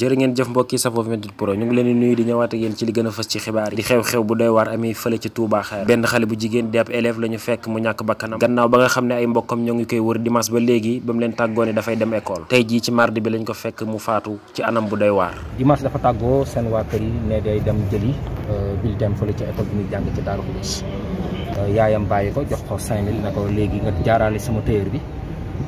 jërë ngeen jëf mbokki safoo 28 pro ñu ngi leen di nuyu di ñëwaat ak ci li gën a fës ci xibaar yi di xew-xew bu doy waar amee fële ci Touba xale bu jigéen di ab élève la ñu fekk mu ñàkk bakkanam gannaaw ba nga xam ne ay mbokkam ñoo ngi koy wër dimanche ba léegi ba mu leen tàggoo ne dafay dem école tey jii ci mardi bi lañ ko fekk mu faatu ci anam bu doy waar dimanche dafa tàggoo seen waa kër yi ne day dem jëli euh, bulletin fële ci école bi muy jàng ci Daaru Xudoos euh, yaayam bàyyi ko jox ko 5000 ne ko léegi nga jaarale sama téyër bi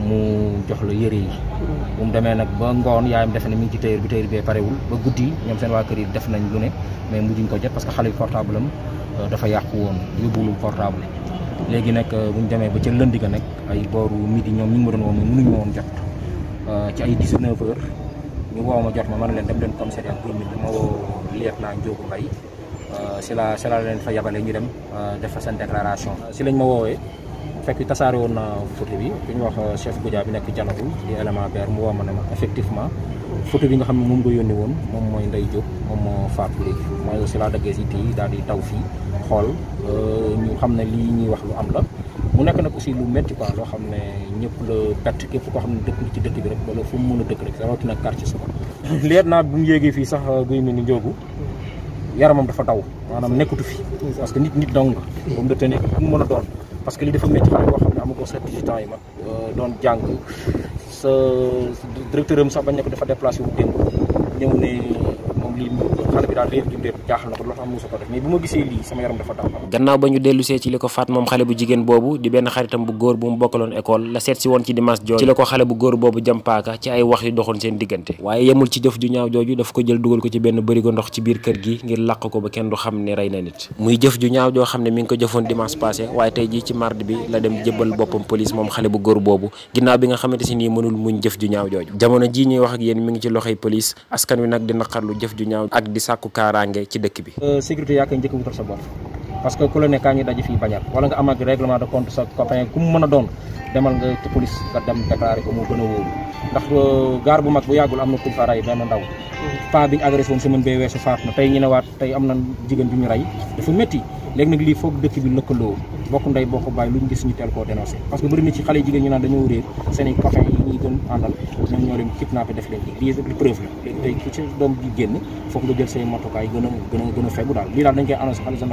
mu jox la yëre yi bu mu demee nag ba ngoon yaayam defe na mi ngi ci tëyër bi tëyër bee parewul ba guddi ñoom seen waa kër yi def nañ lu ne mais mu mujjuñ ko jot parce que xale bi portable am euh, dafa yàqu woon yóbbuwul portable léegi nag euh, bu ñu demee ba ca lënd ga nag ay booru midi ñoom ñu ngi ma woon mënuñu ma woon ci ay woo ma jot ma mën leen dem leen commissariat bu midi ma woo liet naa euh, la si leen fa yabale ñu dem def fa seen déclaration si lañ ma woowee fekk tasaare woon na photo bi ku ñu wax euh, chef Goudia bi nekk Janagul di élément BER mu woo ne ma effectivement photo bi nga xam ne moom nga yónni woon moom mooy Ndeye Diop moom moo faatu léegi mooy aussi si tii daal di taw fii xool euh, ñu xam ne lii ñuy wax lu am la mu nekk nag aussi lu métti quoi loo xam ne ñëpp la perte koo xam ne dëkk ci dëkk bi rek wala fu mu mën a dëkk rek rawatina quartier Soba leer naa bu ñu yéegee fii sax euh, guy mi ni njóogu yaramam dafa daw maanaam nekkatu fi parce que nit nit dong nga ba mu mu mën a doon parce que li dafa métti boo xam ne amagoo sa 18 ans yi ma euh, doon jàng sa directeur am sax bañ ne ko dafa déplacé wu démb ñëw ne moom lii xale bi gannaaw ba ñu dellusee ci li ko faat moom xale bu jigéen boobu di benn xaritam bu góor bu mu bokkaloon école la seet si woon ci dimanche jooju ci la ko xale bu góor boobu jam paaka ci ay wax yu doxoon seen diggante waaye yemul ci jëf ju ñaaw jooju daf ko jël dugal ko ci benn bërigo ndox ci biir kër gi ngir làq ko ba kenn du xam ne rey na nit muy jëf ju ñaaw joo xam ne mi ngi ko jëfoon dimanche passé waaye tey jii ci mardi bi la dem jébbal boppam police moom xale bu góor boobu ginnaaw bi nga xamante si nii mënul muñ jëf ju ñaaw jooju jamono ji ñuy wax mi ngi ci loxoy police askan wi ju ñaaw ak di sàkku kaaraange ci dëkk bi. Euh, sécurité yaa koy njëkk wutal sa bopp. parce que ku la nekkaa ñu daje fii bañal wala nga am ak règlement de compte ku mu mën a doon demal nga ci police nga dem déclaré ko moo gën a wóoru ndax euh, gaar bu mag bu yàggul am na kuñ fa rey benn ndaw mm-hmm. pa bi ñu agressé nag lii foog dëkk bi lëkkaloo bokk ndey bokk bàyyi lu ñu gis ñu teel koo dénoncé parce que bëri na ci xale jigéen ñu naan dañoo réer seen i yi ñuy gën àndal ñoom ñoo def leen lii li la tey ku ci doom ji génn foog nga jël say a a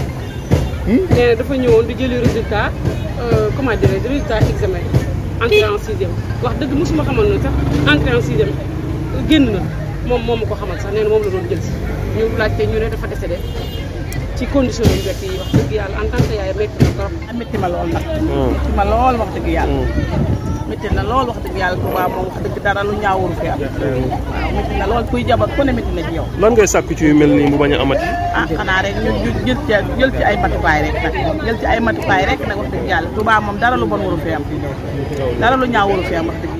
nee eh, dafa ñëwoon di jëli résultat euh, comment dirais-je résultat examen entrée en sixième wax dëgg mosuma xamal noonu sax entrée en sixième génn na moom moom ma ko xamal sax nee moom la doon jël si ñu laajte ñu ne dafa de ci condition yu njëkk yi wax dëgg yàlla en tant que yaay métti ah, ma lool nag. Hmm. métti ma lool wax dëgg yàlla. Hmm. métti na lool wax dëgg yàlla Touba moom wax dëgg dara lu ñaawul fi am. waaw métti na lool kuy jabar ku ne na ci yow. lan ngay sàkku ci yu mel nii mu bañ a amati. ah xanaa rek jël ci ay matukaay rek nag jël ci ay matukaay rek nag wax dëgg yàlla Touba moom dara lu bon waru fi am dara lu ñaawul fi am wax